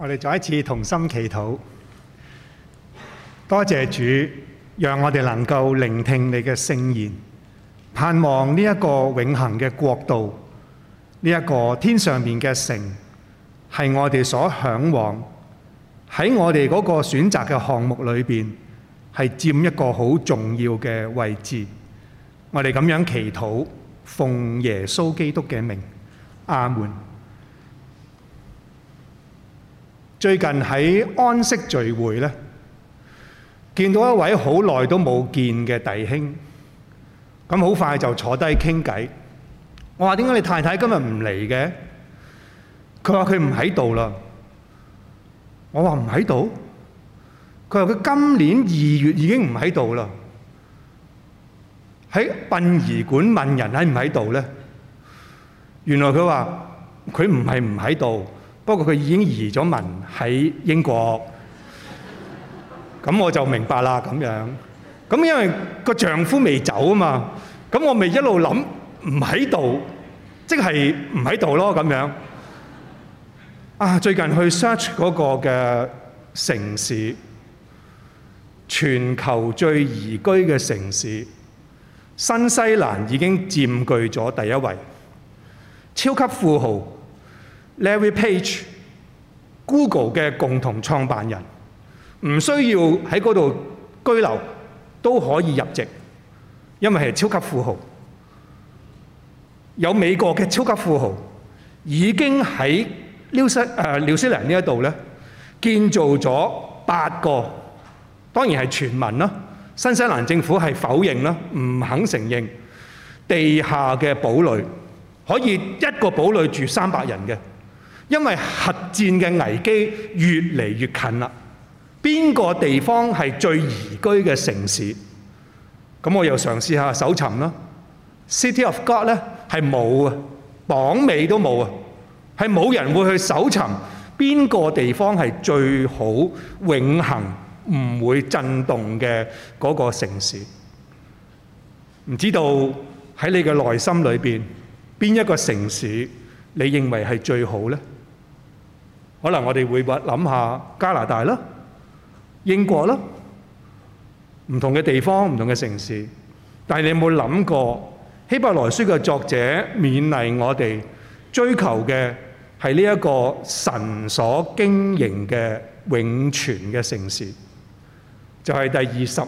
我哋再一次同心祈禱，多謝主，讓我哋能夠聆聽你嘅聖言，盼望呢一個永恆嘅國度，呢、這、一個天上面嘅城，係我哋所向往。喺我哋嗰個選擇嘅項目裏邊，係佔一個好重要嘅位置。我哋咁樣祈禱，奉耶穌基督嘅名，阿門。最近喺安息聚會呢，見到一位好耐都冇見嘅弟兄，咁好快就坐低傾偈。我話點解你太太今日唔嚟嘅？佢話佢唔喺度啦。我話唔喺度？佢話佢今年二月已經唔喺度啦。喺殯儀館問人喺唔喺度呢？原來佢話佢唔係唔喺度。不過佢已經移咗民喺英國，咁我就明白啦。咁樣，咁因為個丈夫未走啊嘛，咁我咪一路諗唔喺度，即係唔喺度咯。咁樣啊，最近去 search 嗰個嘅城市，全球最宜居嘅城市，新西蘭已經佔據咗第一位，超級富豪。Larry Page，Google 嘅共同創辦人，唔需要喺嗰度居留都可以入籍，因為係超級富豪。有美國嘅超級富豪已經喺紐西誒紐西蘭呢度建造咗八個，當然係傳聞啦。新西蘭政府係否認啦，唔肯承認地下嘅堡壘可以一個堡壘住三百人嘅。因為核戰嘅危機越嚟越近啦，邊個地方係最宜居嘅城市？咁我又嘗試下搜尋啦。City of God 咧係冇啊，榜尾都冇啊，係冇人會去搜尋邊個地方係最好、永恆唔會震動嘅嗰個城市。唔知道喺你嘅內心裏邊，邊一個城市你認為係最好咧？可能我哋會諗下加拿大啦、英國啦，唔同嘅地方、唔同嘅城市。但你有冇諗過希伯來書嘅作者勉勵我哋追求嘅係呢一個神所經營嘅永存嘅城市，就係、是、第二十二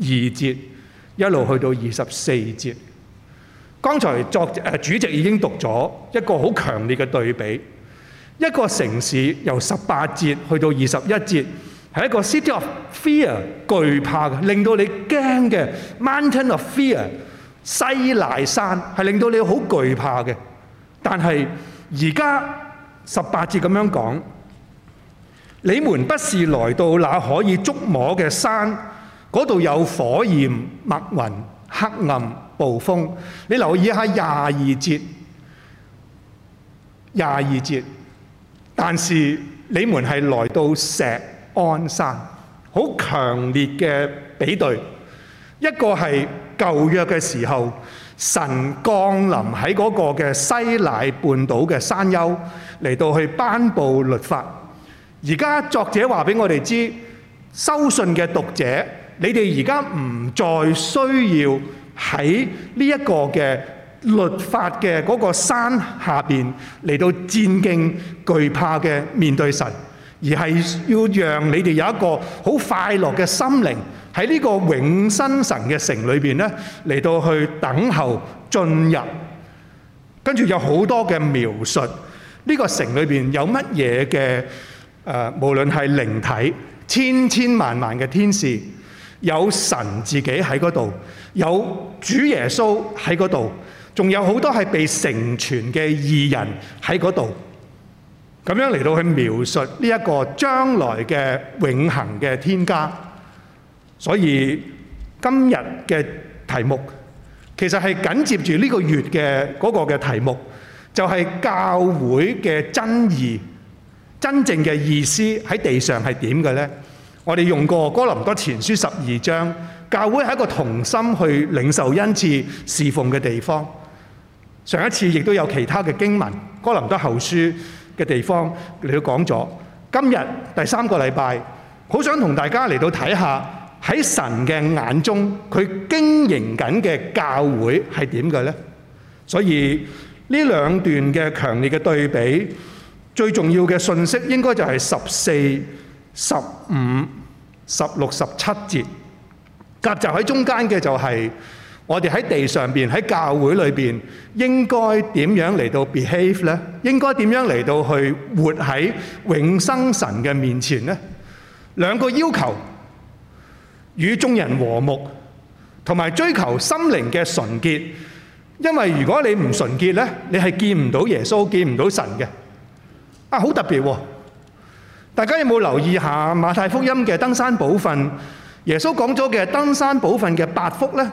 節一路去到二十四節。剛才作者主席已經讀咗一個好強烈嘅對比。一個城市由十八節去到二十一節，係一個 city of fear，懼怕嘅，令到你驚嘅 mountain of fear，西乃山係令到你好懼怕嘅。但係而家十八節咁樣講，你們不是來到那可以觸摸嘅山，嗰度有火焰、密雲、黑暗、暴風。你留意下廿二節，廿二節。但是你們係來到錫安山，好強烈嘅比對。一個係舊約嘅時候，神降臨喺嗰個嘅西乃半島嘅山丘，嚟到去頒布律法。而家作者話俾我哋知，收信嘅讀者，你哋而家唔再需要喺呢一個嘅。律法嘅嗰個山下邊嚟到戰兢懼怕嘅面對神，而係要讓你哋有一個好快樂嘅心靈喺呢個永生神嘅城裏邊咧嚟到去等候進入，跟住有好多嘅描述呢、呢個城裏邊有乜嘢嘅，誒，無論係靈體千千萬萬嘅天使，有神自己喺嗰度，有主耶穌喺嗰度。仲有好多係被成全嘅義人喺嗰度，咁樣嚟到去描述呢一個將來嘅永恆嘅天家。所以今日嘅題目其實係緊接住呢個月嘅嗰個嘅題目，就係教會嘅真義，真正嘅意思喺地上係點嘅呢？我哋用過哥林多前書十二章，教會係一個同心去領受恩賜、侍奉嘅地方。上一次亦都有其他嘅經文，哥林多後書嘅地方你都講咗。今日第三個禮拜，好想同大家嚟到睇下喺神嘅眼中，佢經營緊嘅教會係點嘅呢？所以呢兩段嘅強烈嘅對比，最重要嘅信息應該就係十四、十五、十六、十七節，夾雜喺中間嘅就係、是。我哋喺地上邊喺教會裏邊應該點樣嚟到 behave 呢？應該點樣嚟到去活喺永生神嘅面前呢？兩個要求：與眾人和睦，同埋追求心靈嘅純潔。因為如果你唔純潔呢，你係見唔到耶穌，見唔到神嘅。啊，好特別！大家有冇留意下馬太福音嘅登山寶訓？耶穌講咗嘅登山寶訓嘅八福呢？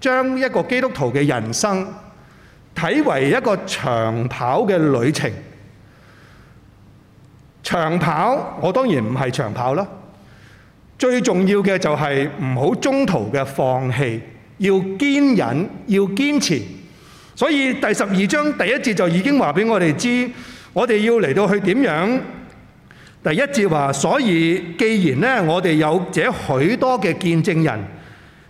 將一個基督徒嘅人生睇為一個長跑嘅旅程。長跑，我當然唔係長跑啦，最重要嘅就係唔好中途嘅放棄，要堅忍，要堅持。所以第十二章第一節就已經話俾我哋知，我哋要嚟到去點樣？第一節話，所以既然呢，我哋有這許多嘅見證人。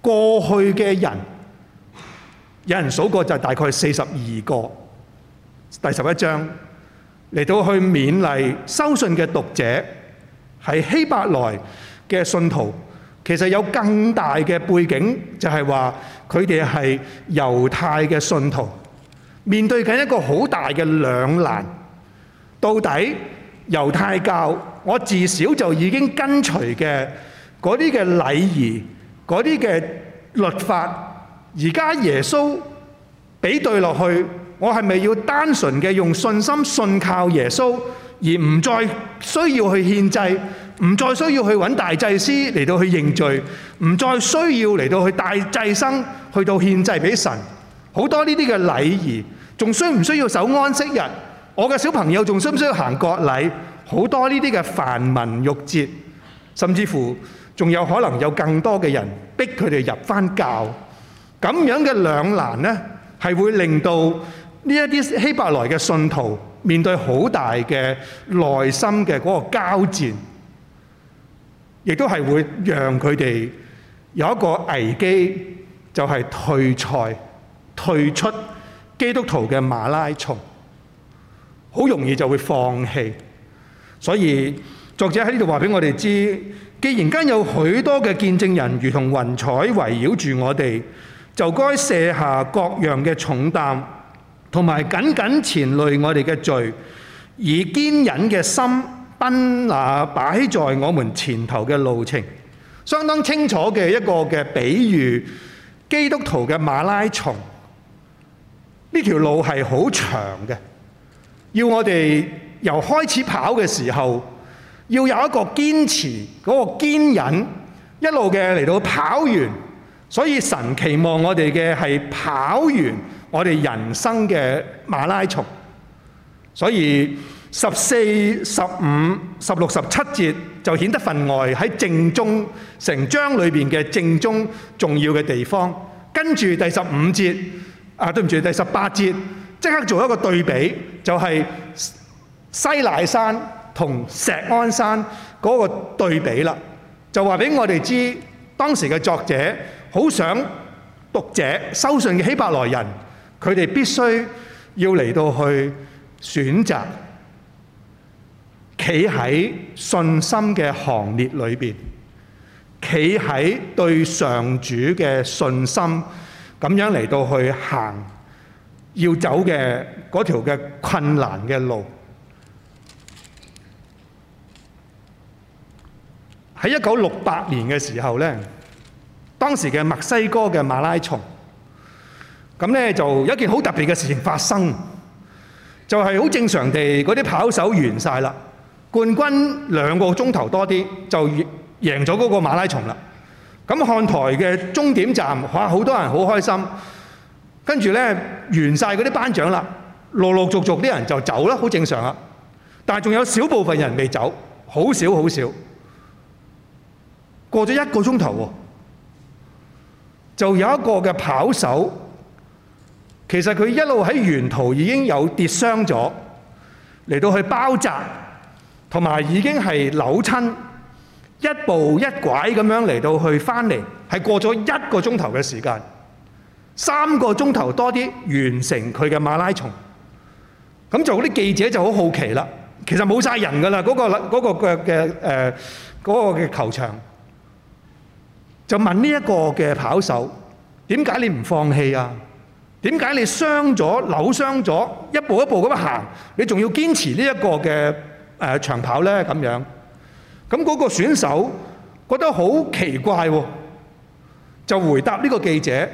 過去嘅人，有人數過就大概四十二個，第十一章嚟到去勉勵收信嘅讀者係希伯來嘅信徒。其實有更大嘅背景，就係話佢哋係猶太嘅信徒，面對緊一個好大嘅兩難。到底猶太教，我自小就已經跟隨嘅嗰啲嘅禮儀。嗰啲嘅律法，而家耶穌比對落去，我係咪要單純嘅用信心信靠耶穌，而唔再需要去獻祭，唔再需要去揾大祭司嚟到去認罪，唔再需要嚟到去大祭生去到獻祭俾神？好多呢啲嘅禮儀，仲需唔需要守安息日？我嘅小朋友仲需唔需要行割禮？好多呢啲嘅繁文縟節，甚至乎。仲有可能有更多嘅人逼佢哋入翻教，咁樣嘅兩難呢，係會令到呢一啲希伯來嘅信徒面對好大嘅內心嘅嗰個交戰，亦都係會讓佢哋有一個危機，就係退賽、退出基督徒嘅馬拉松，好容易就會放棄。所以作者喺呢度話俾我哋知。既然間有許多嘅見證人如同雲彩圍繞住我哋，就該卸下各樣嘅重擔，同埋緊緊纏累我哋嘅罪，以堅忍嘅心奔那擺在我們前頭嘅路程。相當清楚嘅一個嘅比喻，基督徒嘅馬拉松，呢條路係好長嘅，要我哋由開始跑嘅時候。要有一個堅持，嗰、那個堅忍，一路嘅嚟到跑完。所以神期望我哋嘅係跑完我哋人生嘅馬拉松。所以十四、十五、十六、十七節就顯得分外，喺正中成章裏面嘅正中重要嘅地方。跟住第十五節啊，對唔住，第十八節即刻做一個對比，就係、是、西乃山。同錫安山嗰個對比啦，就話俾我哋知當時嘅作者好想讀者收信嘅希伯來人，佢哋必須要嚟到去選擇，企喺信心嘅行列裏邊，企喺對上主嘅信心，咁樣嚟到去行要走嘅嗰條嘅困難嘅路。喺一九六八年嘅時候咧，當時嘅墨西哥嘅馬拉松，咁咧就一件好特別嘅事情發生，就係好正常地嗰啲跑手完晒啦，冠軍兩個鐘頭多啲就贏咗嗰個馬拉松啦。咁看台嘅終點站，哇！好多人好開心，跟住咧完晒嗰啲頒獎啦，陸陸續續啲人就走啦，好正常啊。但係仲有少部分人未走，好少好少。過咗一個鐘頭喎，就有一個嘅跑手，其實佢一路喺沿途已經有跌傷咗，嚟到去包紮，同埋已經係扭親，一步一拐咁樣嚟到去返嚟，係過咗一個鐘頭嘅時間，三個鐘頭多啲完成佢嘅馬拉松。咁就嗰啲記者就好好奇啦，其實冇晒人㗎啦，嗰、嗰個嗰腳嘅誒嗰個嘅球場。就問呢一個嘅跑手，點解你唔放棄啊？點解你傷咗、扭傷咗，一步一步咁行，你仲要堅持呢一個嘅誒長跑呢？咁樣，咁、那、嗰個選手覺得好奇怪喎、啊，就回答呢個記者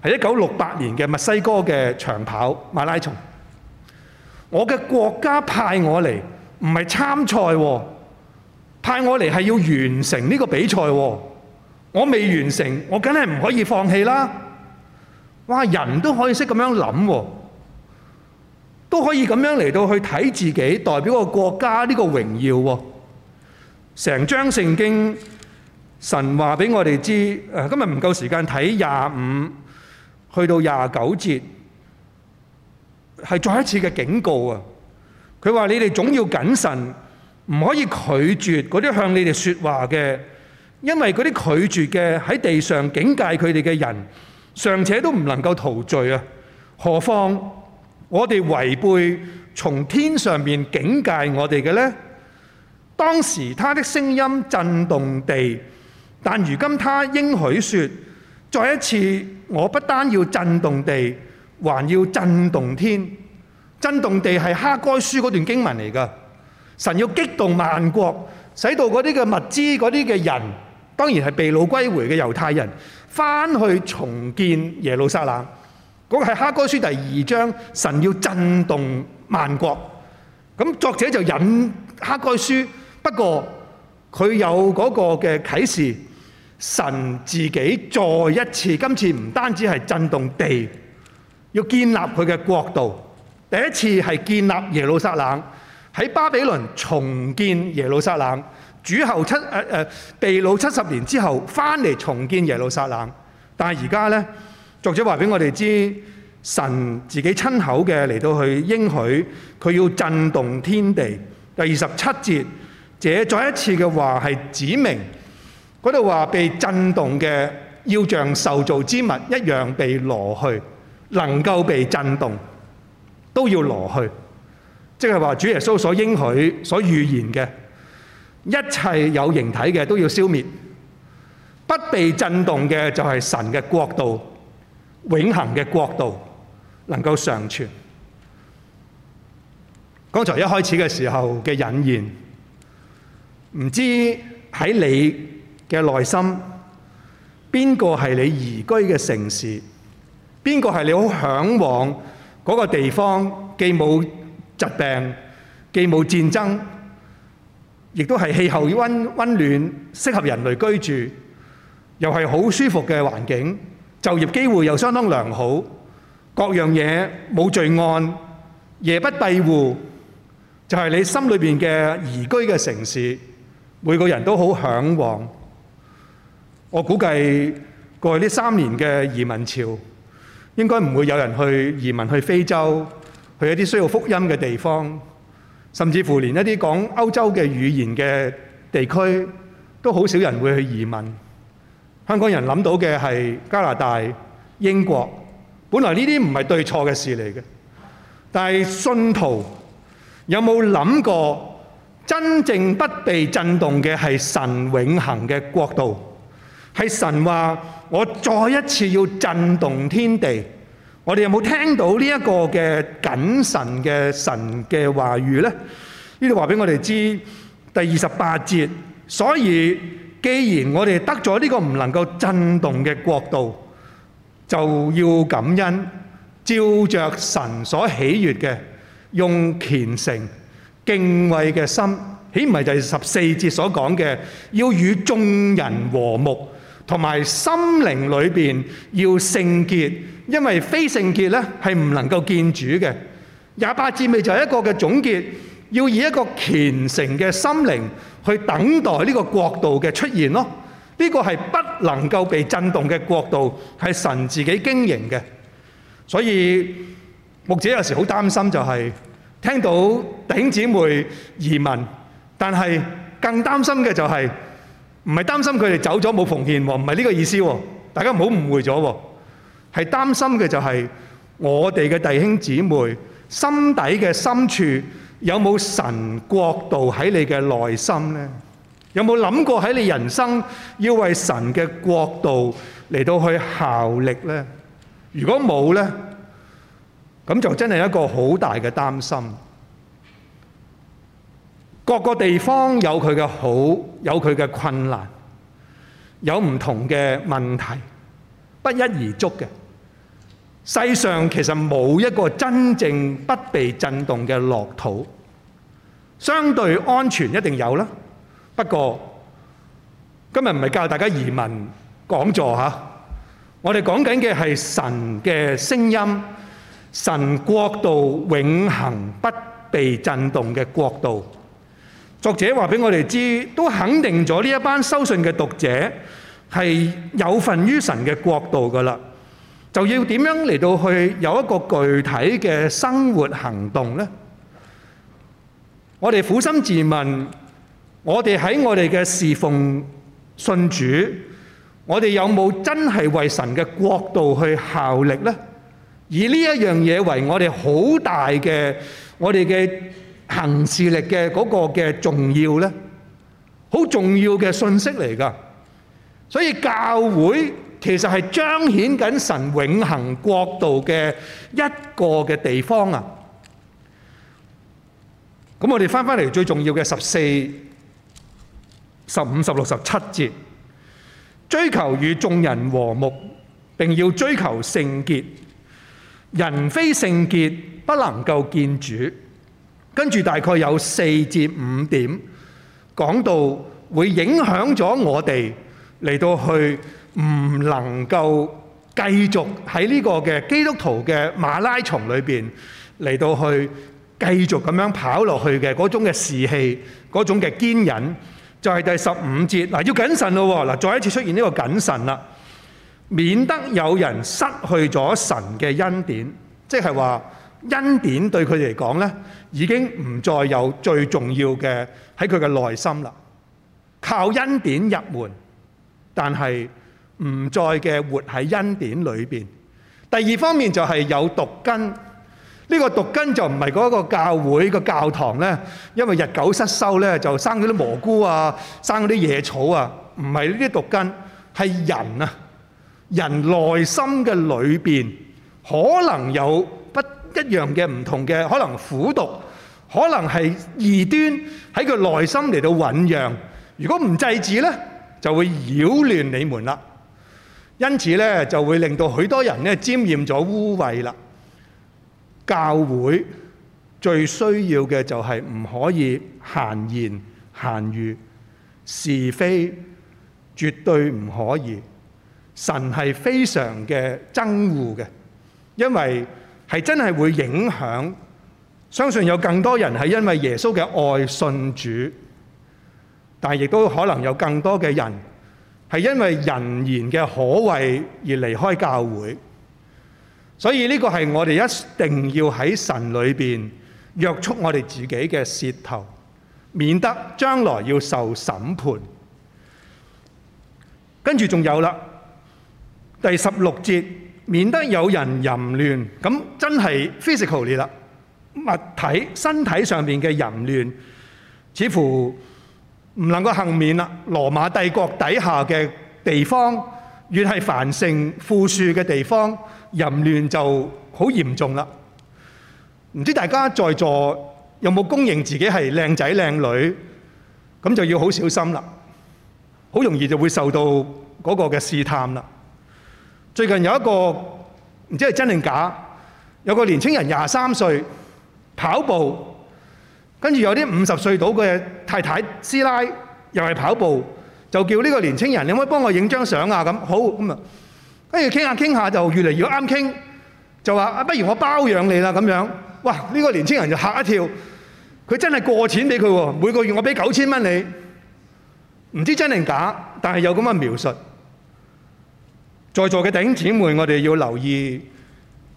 係一九六八年嘅墨西哥嘅長跑馬拉松。我嘅國家派我嚟唔係參賽喎，派我嚟係要完成呢個比賽喎、啊。我未完成，我梗係唔可以放棄啦！哇，人都可以識咁樣諗、啊，都可以咁樣嚟到去睇自己，代表個國家呢個榮耀、啊。成張聖經，神話畀我哋知。誒，今日唔夠時間睇廿五，去到廿九節，係再一次嘅警告啊！佢話你哋總要謹慎，唔可以拒絕嗰啲向你哋說話嘅。因為嗰啲拒絕嘅喺地上警戒佢哋嘅人，尚且都唔能夠逃罪啊，何況我哋違背從天上面警戒我哋嘅呢？當時他的聲音震動地，但如今他應許說：再一次，我不單要震動地，還要震動天。震動地係哈該書嗰段經文嚟㗎，神要激動萬國，使到嗰啲嘅物資、嗰啲嘅人。當然係被擄歸回嘅猶太人返去重建耶路撒冷，嗰、那個係哈該書第二章，神要震動萬國，咁作者就引哈該書，不過佢有嗰個嘅啟示，神自己再一次，今次唔單止係震動地，要建立佢嘅國度，第一次係建立耶路撒冷，喺巴比倫重建耶路撒冷。主後七誒被擄七十年之後，翻嚟重建耶路撒冷。但係而家呢，作者話俾我哋知，神自己親口嘅嚟到去應許佢要震動天地。第二十七節，這再一次嘅話係指明，嗰度話被震動嘅要像受造之物一樣被挪去，能夠被震動都要挪去，即係話主耶穌所應許、所預言嘅。一切有形體嘅都要消滅，不被震動嘅就係神嘅國度，永恒嘅國度能夠常存。剛才一開始嘅時候嘅引言，唔知喺你嘅內心，邊個係你移居嘅城市？邊個係你好嚮往嗰個地方？既冇疾病，既冇戰爭。亦都係氣候溫溫暖，適合人類居住，又係好舒服嘅環境，就業機會又相當良好，各樣嘢冇罪案，夜不閉戶，就係你心裏邊嘅宜居嘅城市，每個人都好嚮往。我估計過去呢三年嘅移民潮，應該唔會有人去移民去非洲，去一啲需要福音嘅地方。甚至乎連一啲講歐洲嘅語言嘅地區，都好少人會去移民。香港人諗到嘅係加拿大、英國。本來呢啲唔係對錯嘅事嚟嘅，但係信徒有冇諗過？真正不被震動嘅係神永恆嘅國度，係神話：「我再一次要震動天地」。我哋有冇聽到呢一個嘅謹慎嘅神嘅話語呢？呢度話俾我哋知第二十八節。所以既然我哋得咗呢個唔能夠震動嘅國度，就要感恩，照着神所喜悅嘅，用虔誠敬畏嘅心，起唔係就係十四節所講嘅，要與眾人和睦，同埋心靈裏面要聖潔。因為非聖潔咧係唔能夠見主嘅，廿八節尾就係一個嘅總結，要以一個虔誠嘅心靈去等待呢個國度嘅出現咯。呢個係不能夠被震動嘅國度，係神自己經營嘅。所以牧者有時好擔心，就係聽到弟兄姊妹移民，但係更擔心嘅就係唔係擔心佢哋走咗冇奉獻喎，唔係呢個意思喎，大家唔好誤會咗喎。係擔心嘅就係、是、我哋嘅弟兄姊妹心底嘅深處有冇神國度喺你嘅內心呢？有冇諗過喺你人生要為神嘅國度嚟到去效力呢？如果冇咧，咁就真係一個好大嘅擔心。各個地方有佢嘅好，有佢嘅困難，有唔同嘅問題，不一而足嘅。世上其實冇一個真正不被震動嘅樂土，相對安全一定有啦。不過今日唔係教大家移民講座吓，我哋講緊嘅係神嘅聲音，神國度永恆不被震動嘅國度。作者話俾我哋知，都肯定咗呢一班收信嘅讀者係有份於神嘅國度噶啦。就要點樣嚟到去有一個具體嘅生活行動呢？我哋苦心自問，我哋喺我哋嘅侍奉信主，我哋有冇真係為神嘅國度去效力呢？以呢一樣嘢為我哋好大嘅我哋嘅行事力嘅嗰個嘅重要呢，好重要嘅信息嚟噶。所以教會，其實係彰顯緊神永恆國度嘅一個嘅地方啊！咁我哋翻返嚟最重要嘅十四、十五、十六、十七節，追求與眾人和睦，並要追求聖潔。人非聖潔，不能夠見主。跟住大概有四至五點講到，會影響咗我哋嚟到去。唔能夠繼續喺呢個嘅基督徒嘅馬拉松裏邊嚟到去繼續咁樣跑落去嘅嗰種嘅士氣，嗰種嘅堅忍，就係第十五節。嗱，要謹慎咯喎！嗱，再一次出現呢個謹慎啦，免得有人失去咗神嘅恩典，即係話恩典對佢嚟講呢已經唔再有最重要嘅喺佢嘅內心啦。靠恩典入門，但係，唔再嘅活喺恩典裏邊。第二方面就係有毒根，呢、這個毒根就唔係嗰個教會、那個教堂咧，因為日久失修咧，就生嗰啲蘑菇啊，生嗰啲野草啊，唔係呢啲毒根，係人啊，人內心嘅裏邊可能有不一樣嘅唔同嘅，可能苦毒，可能係異端喺佢內心嚟到醞釀，如果唔制止咧，就會擾亂你們啦。因此咧，就會令到很多人咧沾染咗污穢啦。教會最需要嘅就係唔可以閒言閒語、是非，絕對唔可以。神係非常嘅憎惡嘅，因為係真係會影響。相信有更多人係因為耶穌嘅愛信主，但亦都可能有更多嘅人。係因為人言嘅可畏而離開教會，所以呢個係我哋一定要喺神裏邊約束我哋自己嘅舌頭，免得將來要受審判。跟住仲有啦，第十六節，免得有人淫亂。咁真係 physical 啦，物體、身體上邊嘅淫亂，似乎。唔能夠幸免啦。羅馬帝國底下嘅地方，越係繁盛富庶嘅地方，淫亂就好嚴重啦。唔知道大家在座有冇有公認自己係靚仔靚女，咁就要好小心啦。好容易就會受到嗰個嘅試探啦。最近有一個唔知係真定假，有個年輕人廿三歲跑步。跟住有啲五十歲到嘅太太師奶又係跑步，就叫呢個年青人：你可唔可以幫我影張相啊？咁好咁啊！跟住傾下傾下就越嚟越啱傾，就話：不如我包養你啦！咁樣，哇！呢個年青人就嚇一跳，佢真係過錢俾佢喎，每個月我俾九千蚊你，唔知真定假，但係有咁嘅描述。在座嘅弟兄姊妹，我哋要留意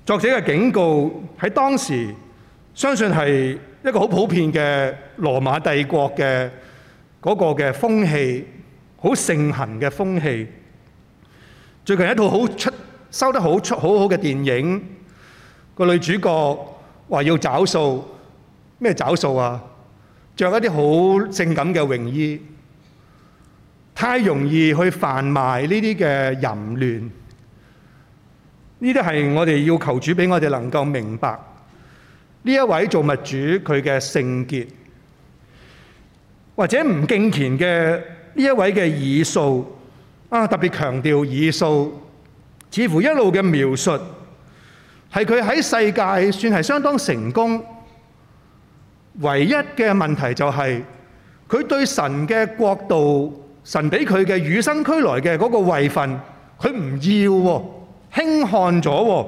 作者嘅警告，喺當時相信係。一個好普遍嘅羅馬帝國嘅嗰個嘅風氣，好盛行嘅風氣。最近一套好出收得很出很好出好好嘅電影，個女主角話要找數，咩找數啊？著一啲好性感嘅泳衣，太容易去販賣呢啲嘅淫亂。呢啲係我哋要求主畀我哋能夠明白。呢一位造物主，佢嘅聖潔或者唔敬虔嘅呢一位嘅以掃啊，特別強調以掃，似乎一路嘅描述係佢喺世界算係相當成功。唯一嘅問題就係佢對神嘅國度、神俾佢嘅與生俱來嘅嗰個位份，佢唔要，輕看咗。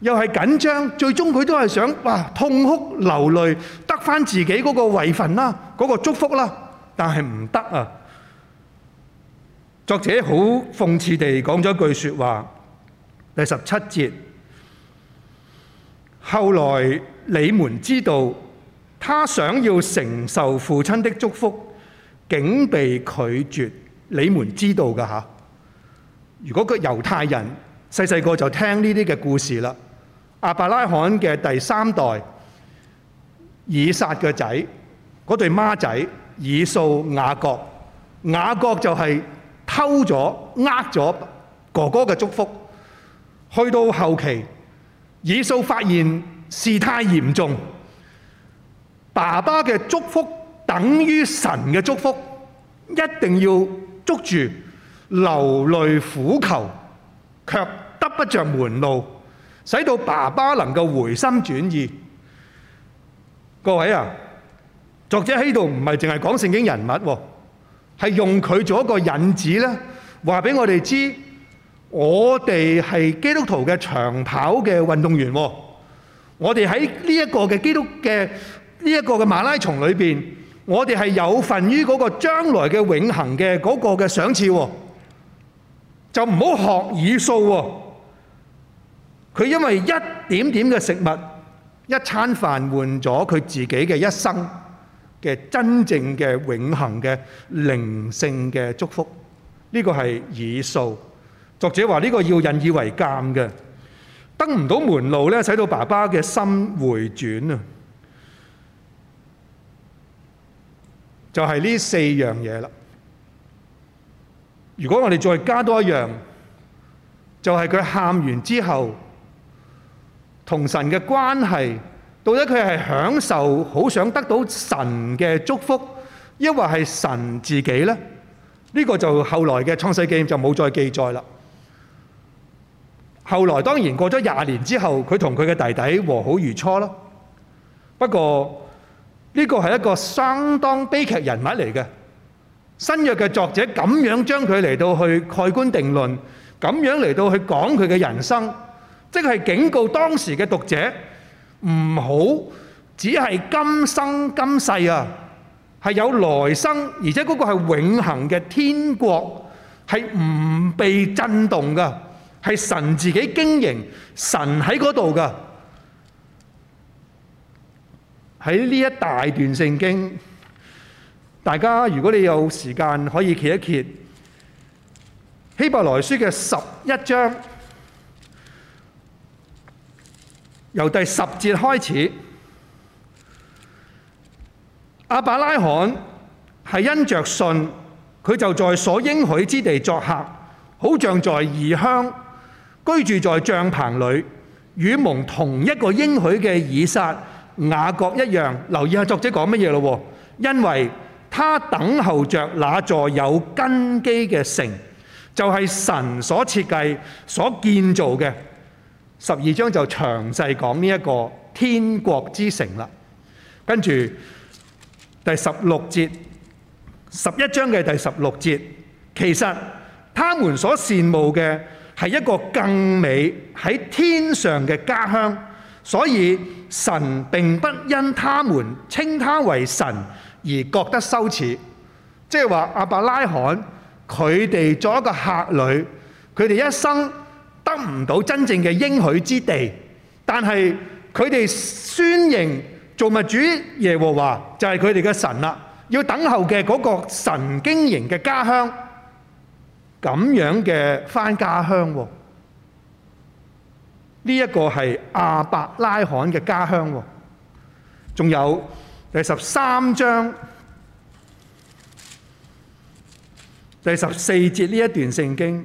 又係緊張，最終佢都係想哇痛哭流淚，得返自己嗰個遺份啦，嗰、嗰個祝福啦，但係唔得啊！作者好諷刺地講咗句説話，第十七節。後來你們知道，他想要承受父親的祝福，竟被拒絕。你們知道的。如果個猶太人細細個就聽呢啲嘅故事了。亞伯拉罕嘅第三代以撒嘅仔，嗰對孖仔以掃、雅各，雅各就係偷咗、呃咗哥哥嘅祝福。去到後期，以掃發現事態嚴重，爸爸嘅祝福等於神嘅祝福，一定要捉住，流淚苦求，卻得不着門路。使到爸爸能夠回心轉意，各位啊，作者喺度唔係淨係講聖經人物喎，係用佢做一個引子咧，話俾我哋知，我哋係基督徒嘅長跑嘅運動員喎，我哋喺呢一個嘅基督嘅呢一個嘅馬拉松裏邊，我哋係有份於嗰個將來嘅永恆嘅嗰個嘅賞賜，就唔好學以掃喎。佢因為一點點嘅食物，一餐飯換咗佢自己嘅一生嘅真正嘅永恆嘅靈性嘅祝福，呢個係以掃。作者話呢個要引以為鑑嘅，登唔到門路咧，使到爸爸嘅心回轉啊！就係呢四樣嘢啦。如果我哋再加多一樣，就係佢喊完之後。同神嘅關係，到底佢係享受好想得到神嘅祝福，抑或係神自己呢？呢個就後來嘅創世記就冇再記載啦。後來當然過咗廿年之後，佢同佢嘅弟弟和好如初咯。不過呢個係一個相當悲劇人物嚟嘅。新約嘅作者咁樣將佢嚟到去蓋棺定論，咁樣嚟到去講佢嘅人生。即係警告當時嘅讀者，唔好只係今生今世啊，係有來生，而且嗰個係永恆嘅天國，係唔被震動嘅，係神自己經營，神喺嗰度嘅。喺呢一大段聖經，大家如果你有時間，可以揭一揭希伯來書嘅十一章。由第十節開始，亞伯拉罕係因着信，佢就在所應許之地作客，好像在異鄉居住在帳棚裏，與蒙同一個應許嘅以撒、雅各一樣。留意下作者講乜嘢咯？因為他等候着那座有根基嘅城，就係、是、神所設計、所建造嘅。十二章就詳細講呢一個天國之城啦，跟住第十六節，十一章嘅第十六節，其實他們所羨慕嘅係一個更美喺天上嘅家鄉，所以神並不因他們稱他為神而覺得羞恥，即係話阿伯拉罕佢哋作一個客旅，佢哋一生。得唔到真正嘅應許之地，但係佢哋宣認造物主耶和華就係佢哋嘅神啦。要等候嘅嗰個神經營嘅家鄉，咁樣嘅翻家鄉。呢一個係亞伯拉罕嘅家鄉。仲有第十三章第十四節呢一段聖經。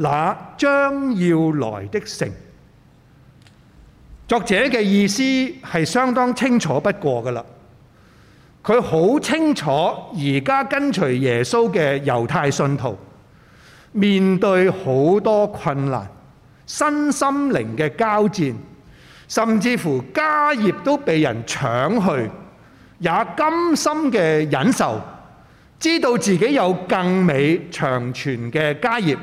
那將要來的城，作者嘅意思係相當清楚不過的了。佢好清楚，而家跟隨耶穌嘅猶太信徒面對好多困難，身心靈嘅交戰，甚至乎家業都被人搶去，也甘心嘅忍受，知道自己有更美長存嘅家業。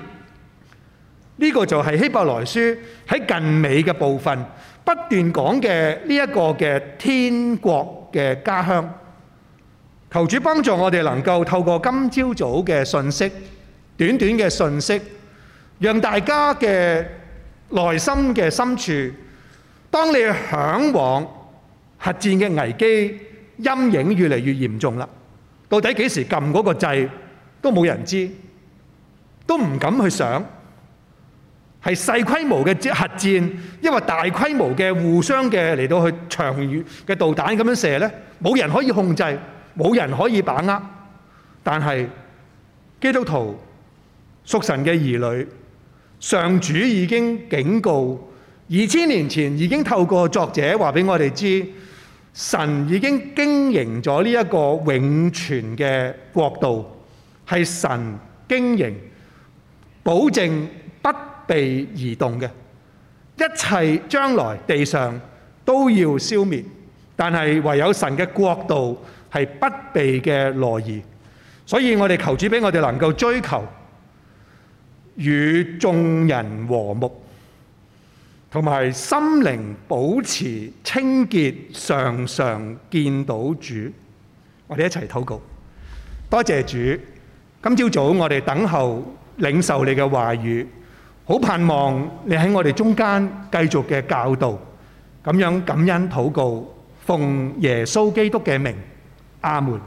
呢個就係希伯來書喺近尾嘅部分不斷講嘅呢一個嘅天國嘅家鄉，求主幫助我哋能夠透過今朝早嘅信息，短短嘅信息，讓大家嘅內心嘅深處，當你嚮往核戰嘅危機，陰影越嚟越嚴重啦，到底幾時撳嗰個掣都冇人知，都唔敢去想。係細規模嘅即核戰，因為大規模嘅互相嘅嚟到去長遠嘅導彈咁樣射呢，冇人可以控制，冇人可以把握。但係基督徒屬神嘅兒女，上主已經警告，二千年前已經透過作者話俾我哋知，神已經經營咗呢一個永存嘅國度，係神經營保證。被移動嘅一切將來地上都要消滅，但係唯有神嘅國度係不被嘅挪移。所以我哋求主俾我哋能夠追求與眾人和睦，同埋心靈保持清潔，常常見到主。我哋一齊禱告，多謝主。今朝早我哋等候領受你嘅話語。好盼望你喺我哋中間繼續嘅教導，咁樣感恩禱告，奉耶穌基督嘅名，阿門。